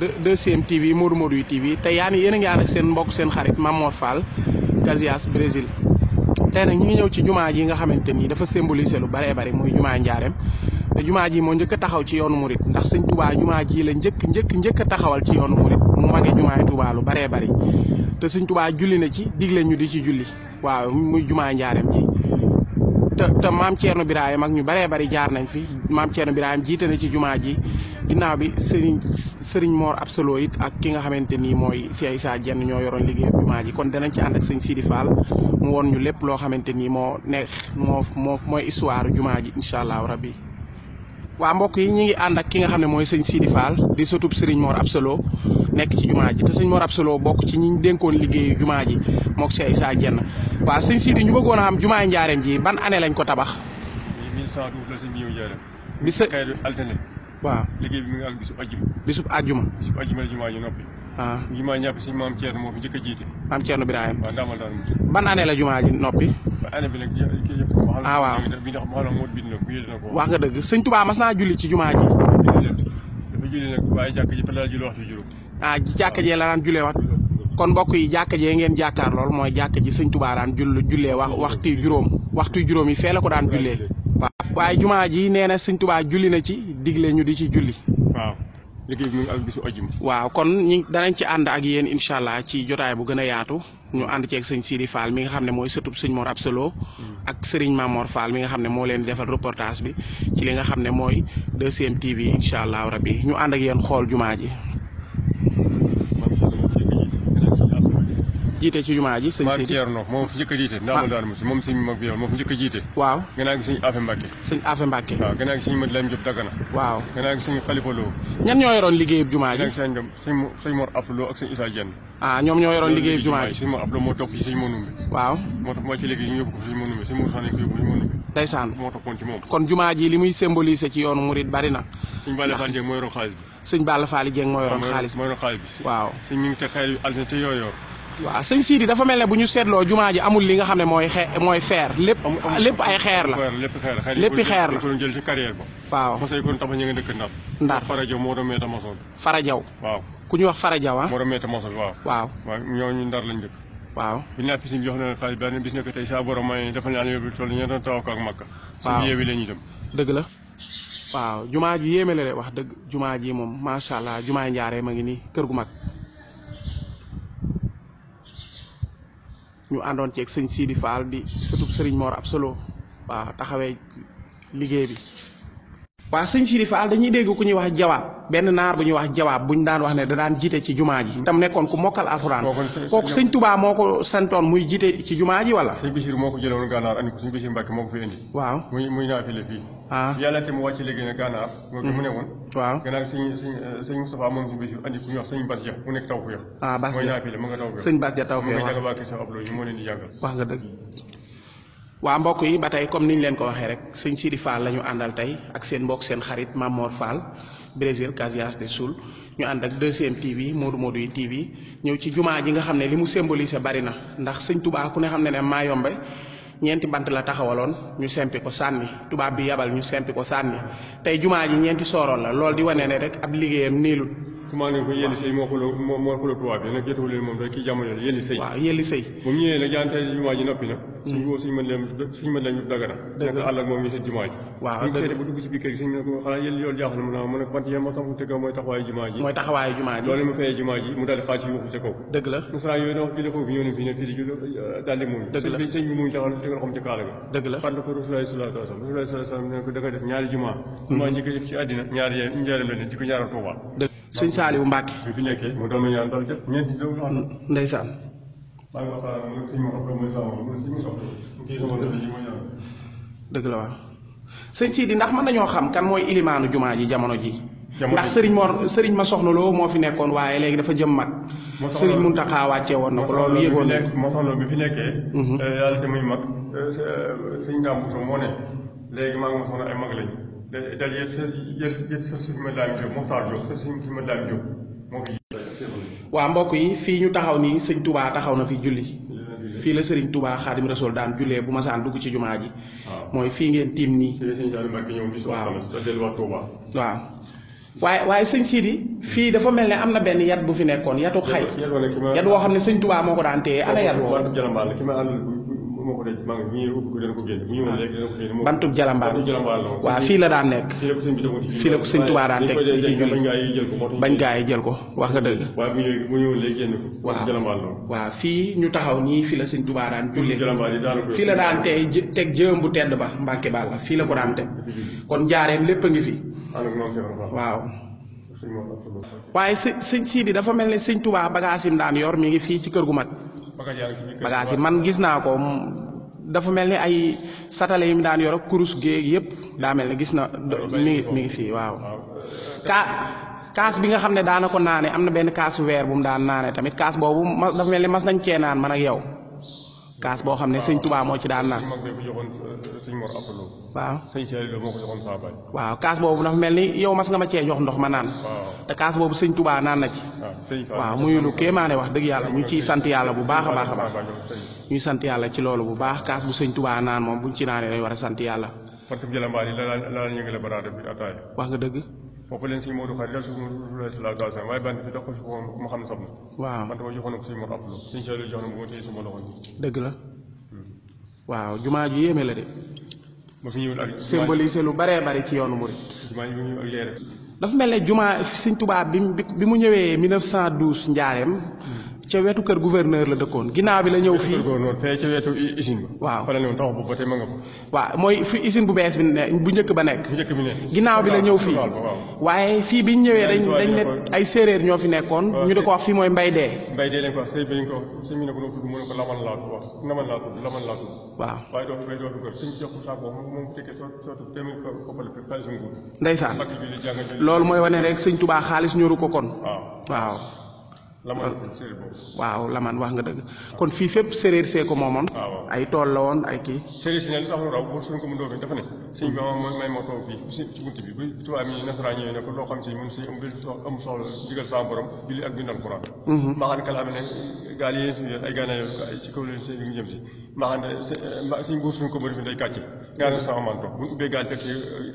2STV yi Modou Modou yi TV te yaa ni yéen a ngi ànd ak seen mbokk seen xarit Mamor Fall Casillas Brésil tey nag ñi ngi ñëw ci jumaa ji nga xamante ni dafa symboliser lu baree bari muy jumaa njaareem te jumaa ji moo njëkk taxaw ci yoonu murit ndax sëñ Tuubaa jumaa ji la njëkk njëkk njëkk taxawal ci yoonu murit mu magee jumaa Tuubaa lu baree bari te sëñ Tuubaa julli na ci digle ñu di ci julli waaw muy jumaa njaareem ji te te maam Thierno Birahim ak ñu baree bari jaar nañ fi maam Thierno Birahim jiite na ci jumaa ji ginnaaw bi Serigne Serigne Mor Absolo it ak ki nga xamante nii mooy Cheikh Issa Dieng ñoo yoroon liggéey jumaa ji kon denañ ci ànd ak sëñ Sidi Fall mu woon ñu lépp loo xamante ni moo nekk moo moo mooy histoire jumaa ji incha allahu rabbi wa mbok yi ñi ngi and ak ki nga xamne moy mooy Sidi Fall di sotup sëriñ Mor Absolo nek ci jumaa ji te sëñ Mor Absolo bok ci ñi denkon liggey jumaa ji mook Cheikh Issa Diène waaw sëñ Sidi ñu bëggona am xam jumaa njaareem ji ban année lañ ko tabax. 1112 la sëñ bi ñëw bi se kay alterné wa liggey bi mi ngi ak bisub aljuma bisub aljuma bisub aljuma la jumaa ji noppi. ah jumaa ñàpp sëñ maam Thierno moo fi jëk a am cierno ibrahim ban année la jumaa ji noppi. ba bi nag ah waaw wax nga dëgg sëñ Touba mas naa julli ci jumaa ji. julli nag waaye jàkka ji fa la julli waxtu juróom. ah jee la daan jullee wax kon mbokk yi jàkka jee ngeen jàkkaar lool mooy jàkka ji sëñ Touba daan julle jullee wax waxtu juróom waxtu juróom yi fee la ko daan jullee. waaw waaye jumaa ji nee na sëñ Touba julli na ci digle ñu di ci julli. waaw liggéey waaw kon ñi danañ ci ànd ak yéen incha allah ci jotaay bu gën a yaatu. ñu ànd ceeg sëñ Sidi Fall mi nga xam ne mooy sëtub sëñ Mor Absolo mm. ak sëriñ Mamor Fall mi nga xam ne moo leen di defal reportage bi ci li nga xam ne mooy 2STV incha allahu rabbi ñu ànd ak yéen xool jumaa ji jiite ci jumaa ji sëñ Seydi moom fi a jiite ndax daal moom fi njëkk a jiite waaw gannaaw gi sëñ Afe Mbacke sëñ Afe Mbacke waaw gannaaw gi sëñ Madi ñoo yoroon liggéeyub jumaa ji sëñ Mor Aflo Lo ak sëñ Issa Diène ah ñoom ñoo yoroon liggéeyub jumaa ji sëñ Mor Aflo moo topp ci sëñ Monumbe waaw moo tax ci sëñ Monumbe sëñ Mor moo toppoon ci moom kon jumaa ji li muy symboliser ci yoonu murit bari sëñ Balla Fall Dieng moo yoroon xaalis bi sëñ Balla Fall xaalis bi waaw te xeer waaw sëñ Sidi dafa mel ne bu ñu ji amul li nga xam ne mooy xe mooy feer ay xeer la léppi xeer la jël ci carrière ba waaw mos kon tax ñu ngi dëkk ndar ndar farajaw moo doon meeta masoon farajaw waaw ku wax farajaw ah moo doon meeta masoon waaw waaw waaw ñooñu ndar lañ dëkk waaw bi ñu naan jox na xaalis benn bis nekk tey saa borom may ñu taw ak makka waaw dem la waaw ji wax ji allah ma ngi kër gu ñu àndoon ceeg sëñ Sidi Fall di sëtub sëriñ Mor solo waaw taxawee liggéey bi waa sëñ Chérif Fall dañuy dégg ku ñuy wax jawaab benn naar bu ñuy wax jawaab bu ñu daan wax ne da daan jiite ci jumaa ji tam nekkoon ku mokkal alxuraan kooku sëñ Touba moo ko santoon muy jiite ci jumaa ji wala sëñ Bachir moo ko ko sëñ Bachir Mbacke moo ko fi indi waaw muy muy naafile fii ah mu ne woon mm-hmm. waaw sëñ Bas Ja mu nekk taw fu yox ah sëñ Bas Ja taw fu yox wax nga dëgg waa mbokk yi ba tey comme niñ leen ko waxee rek sëñ Sidi Fall la ñu àndal tey ak seen mbokk seen xarit Mamor Fall Brésil Casillas de suul ñu ànd ak deuxième TV Modou Modou yi TV ñëw ci jumaa ji nga xam ne li mu symbolisé bari na ndax sëñ Touba ku ne xam ne maa Mayombe ñeenti bant la taxawaloon ñu sempi ko sànni tubaab bi yabal ñu sempi ko sànni tey jumaa ji ñeenti sooroon la loolu di wane ne rek ab liggéeyam niilu commandé ko yéeli sëy moo xuloo moo xuloo tubaab bi nag jotul leen moom rek ki jamono la sëy waaw sëy bu mu ñëwee nag jaante jumaa ji noppi na mm. suñ woo suñu mën leen suñu mën leen dagana nekk àll moom ñu si jumaa ji waaw bu dugg ci biir kër gi sëñ bi ne ko xanaa yéen loolu jaaxal mu ne mu ne ko bant yéen ma sama tëgg mooy taxawaayu jumaa ji mooy taxawaayu jumaa ji loolu mu fayee jumaa ji mu daal di xaaj ci yuuxu sa kaw dëgg la musulmaan yooyu wax julli foofu ñëw nañ fi ne fii di julli euh, daal di muñ dëgg la sëñ bi muñ taxaw teg loxoom ci kaala ga dëgg la fàttali ko rasulullahi sallallahu alayhi wasallam rasulullahi sallallahu alayhi wasallam ne ko da nga def ñaari jumaa mm-hmm. jumaa ji ko def ci àddina ñaari yéen njaaram la ne di ko ñaaral Tuubaa sëñ Saaliwu Mbàkke bi nekkee mu doon ñaan dal def ñeenti doom ndeysaan dëgg la waaw sëñ Sidi ndax mën nañoo xam kan mooy ilimaanu jumaa ji jamono ji ndax sëriñ moo sëriñ ma soxna loo moo fi nekkoon waaye léegi dafa jëm mag sëriñ Muntaxa wàcce woon na ko loolu yëgoon na ma soxna bi fi nekkee mhm. euh, yàlla te muy mag sëñ Daam Buso moo ne léegi maa ngi ma soxna ay mag lañ dal yëpp sa yëpp sa suñu ma daam Jóob waa mbokk yi fii ñu taxaw nii sëñ Tuubaa taxaw na fi julli fii la Serigne Touba Xaadim Rasul daan jullee bu masaan dugg ci jumaa ji. mooy fii ngeen tiim nii. waaw waaw. waaye waaye sëñ Sidi fii dafa mel ne am na benn yat bu fi nekkoon yatu xay. yat woo xam ne sëñ tubaa moo ko daan téye ana yat moo ko denc maa ngi ñii ubbi ko dana ko génn ñii moom ah. léegi dana ko génn bantub jalambaar bantub jalambaar la waaw fii la daan nekk fii la ko sëñ bi tegoon ci fii la ko di bañ gaay jël ko wax nga deug wa mi ñu bu ñëwee léegi ko waaw jalambaar la wa fi ñu taxaw ni fi la sëñ tubaa daan julli fi la daan tay tek jëm bu tedd ba mbàkke baal la la ko daan tek kon jaareem lepp ngi fi waaw waaye sëñ sidi dafa mel ne sëñ tubaa bagaasim daan yor mi ngi fii ci kër gu mat bagages yi man gis naa ko dafa mel ni ay satale yi mu daan yor ak kurus géeg yëpp daa mel ni gis na mi mi fi fii waaw kaa kaas bi nga xam ne daana ko naane am na benn kaas weer bu mu daan naane tamit kaas boobu dafa mel ni mas nañ cee naan man ak yow kaas boo xam ne sëñ Touba moo ci daan naan. Euh, waaw waaw kaas boobu dafa mel ni yow mas nga ma cee jox ndox ma naan. te kaas boobu sëñ Touba naan na ci. Ah, waaw muy lu kéemaane wax dëgg yàlla mu ciy sant yàlla bu baax a baax a baax. ñuy sant yàlla ci loolu bu baax kaas bu sëñ Touba naan moom buñ ci naanee dañ war a sant yàlla. wax nga dëgg. foofu leen suñu Modou Khari dal suñu Rasulullah sallallahu si ko mu xam ne sab na waaw bant ma joxoon la hmm. waaw jumaa ju yéeme la de ma fi ñëwul ak symboliser lu baree bari ci yoonu murid jumaa ji bi ñëw ak leer dafa mel ne jumaa Sëñ tubaab bi bi mu ñëwee 1912 Njaareem hmm. ca wetu kër gouverneur la dëkkoon ginnaaw bi la ñëw fii. fee ca wetu usine ba. waaw fa la ne woon mooy fi usine bu bees bi ne bu njëkk ba nekk. bu njëkk bi nekk ginnaaw bi la ñëw fii. waaye fii bi ñu ñëwee dañ dañ ne ay séeréer ñoo fi nekkoon. ñu di ko wax fii mooy mbay dee. mbay dee ko wax sëñ bi lañ ko wax sëñ bi ne ko tudd mu ne ko laman laa tudd wax laman laa tudd soo soo demee ko koppal xaalis mu loolu mooy wane rek sëñ Tuubaa xaalis ñoru ko kon waaw Ah. waaw laman wax nga dëgg kon fii fépp séréer see ko moomoon ah, ay tool la woon ay kii séréer si ne li tax lu raw bu suñ ko mu dóor bi moom may ne ko loo xam si mun si am soxla digal sa borom julli ak bindal buur suñ ko bëri fi day kàcce gaana sama man toog bu ubbee gaal fekk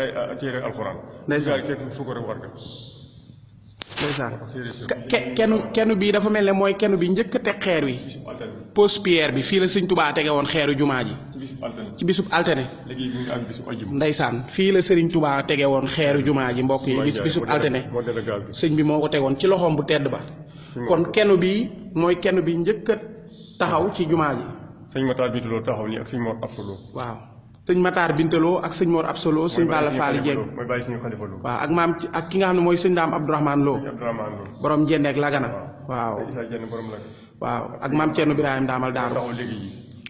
ay téere alquran gaal fekk suukar war nga kenu kenu bii dafa mel ne mooy kenu bi njëkk a teg xeer wi pose bi fii la sëñ tubaa tege woon xeeru jumaa ji ci bisub altene ndeysaan fii la sëriñ tubaa tege woon xeeru jumaa ji mbokk yi bis bisub altene sëñ bi moo ko tegoon ci loxoom bu tedd ba kon kenu bi mooy kenu bi njëkk taxaw ci jumaa ji sëñ ma taal bi loolu taxaw nii ak waaw sëñ Matar bintelo ak sëñ Mor Absolo sëñ bala Fall Dieng wa ak mam ak ki nga xamne moy mooy dam abdourahman Lo borom Jenne ak Lagana waaw waaw ak mam Thierno ibrahim damal daaru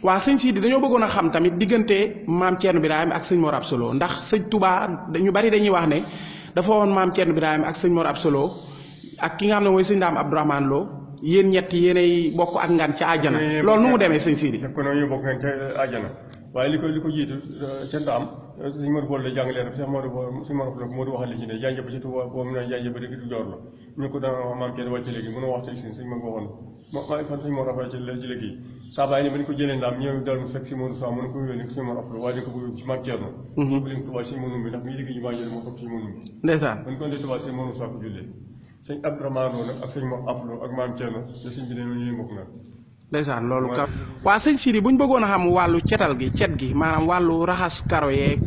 wa sëñ Sidi dañu bëggona xam tamit digënté mam Thierno ibrahim ak sëñ Mor Absolo ndax sëñ Touba dañu bari dañuy wax ne dafa won mam Thierno ibrahim ak sëñ Mor Absolo ak ki nga xamne moy mooy dam abdourahman Lo yéen ñet yéenay bokk ak ngan ci aljana lool nu mu demee seigne Sidi daf ko ñu bokk ngan ci aljana waaye li ko li ko jiitu ca ndaam suñu mën bool la jàngale rek sax moo du suñu mën bool moo du waxal li ci ne jànjëb si tuba boobu mu ne jànjëb rek du joor la ñu ko daan wax maam kenn wàcc léegi mën a wax teg si suñu mën waxoon ma fan suñu mën rafet ci ci léegi saa bàyyi ni ba ñu ko jëlee ndaam ñëw dal mu fekk si mënu soi mën ko yónni suñu mën afro waaye dañ ko bëgg ci maam Thierno bu leen tuba si mënu mi ndax mii liggéey ñu maa jël moo topp si mënu mi ndeysaan bañ ko ndee tuba si mënu soi ko jullee sëñ Abdourahmane nag ak sëñ Mor Afro ak maam Thierno da sëñ bi ne ñu yëngu nag ndaysan lolou ka wa seigne Sidi buñ bëggono xam walu cetal gi cet gi manam walu rahas karo yeeg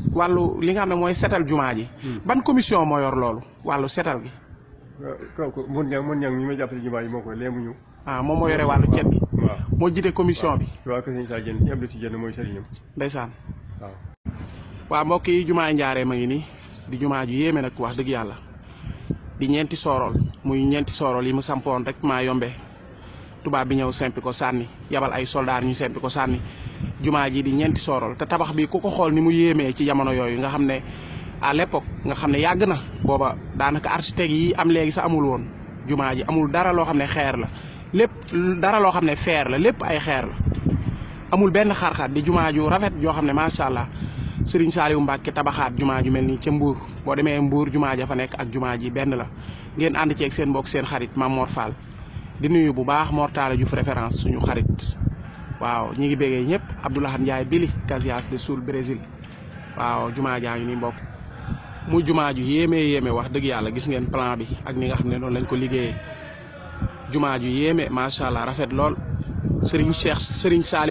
li nga xam moy setal ji hmm. ban commission mo yor lolou walu setal gi kooku mun ñang mun ñang ñi ma jàppale jumaa ji ñu ah mo mo yoré walu cet gi mo jité commission bi wa ko seigne Issa Diène sëñ Abdou Diène mooy sëriñam ndeysaan waaw mbokk yi jumaa njaaree ma ngi ni di jumaa ju yéeme nag wax dëgg yalla di ñenti sorol, muy ñenti sorol yi mu sampoon rek ma yombé tuba bi ñew simple ko sanni yabal ay soldat ñu simple ko sanni juma ji di ñeenti sorol te tabax bi ku ko xol ni mu yeme ci jamono yoy nga xamne à l'époque nga xamne yag na boba danaka architecte yi am sa amul won juma ji amul dara lo xamne ne xeer la lepp dara lo xamne fer la lepp ay xeer la amul xar xat di juma ju rafet jua xamne ma sha allah Serigne Saliou Mbacke tabaxat juma ju melni ci Mbour bo demee Mbour juma ja fa nek ak juma ji ben la ngeen ci ak seen mbokk seen xarit mamour Fall. di nuyu bu baax Mortala Diouf référence suñu xarit waaw ñi ngi béggee ñëpp Abdoulaye Ndiaye Bili Casillas de Sul Brésil waaw jumaa jaa ngi ni mbokk mu jumaa ju yéeme yéeme wax dëgg yàlla gis ngeen plan bi ak ni nga xam ne noonu lañ ko liggéeyee jumaa ju yéeme macha allah rafet lool Serigne Cheikh Serigne Sali.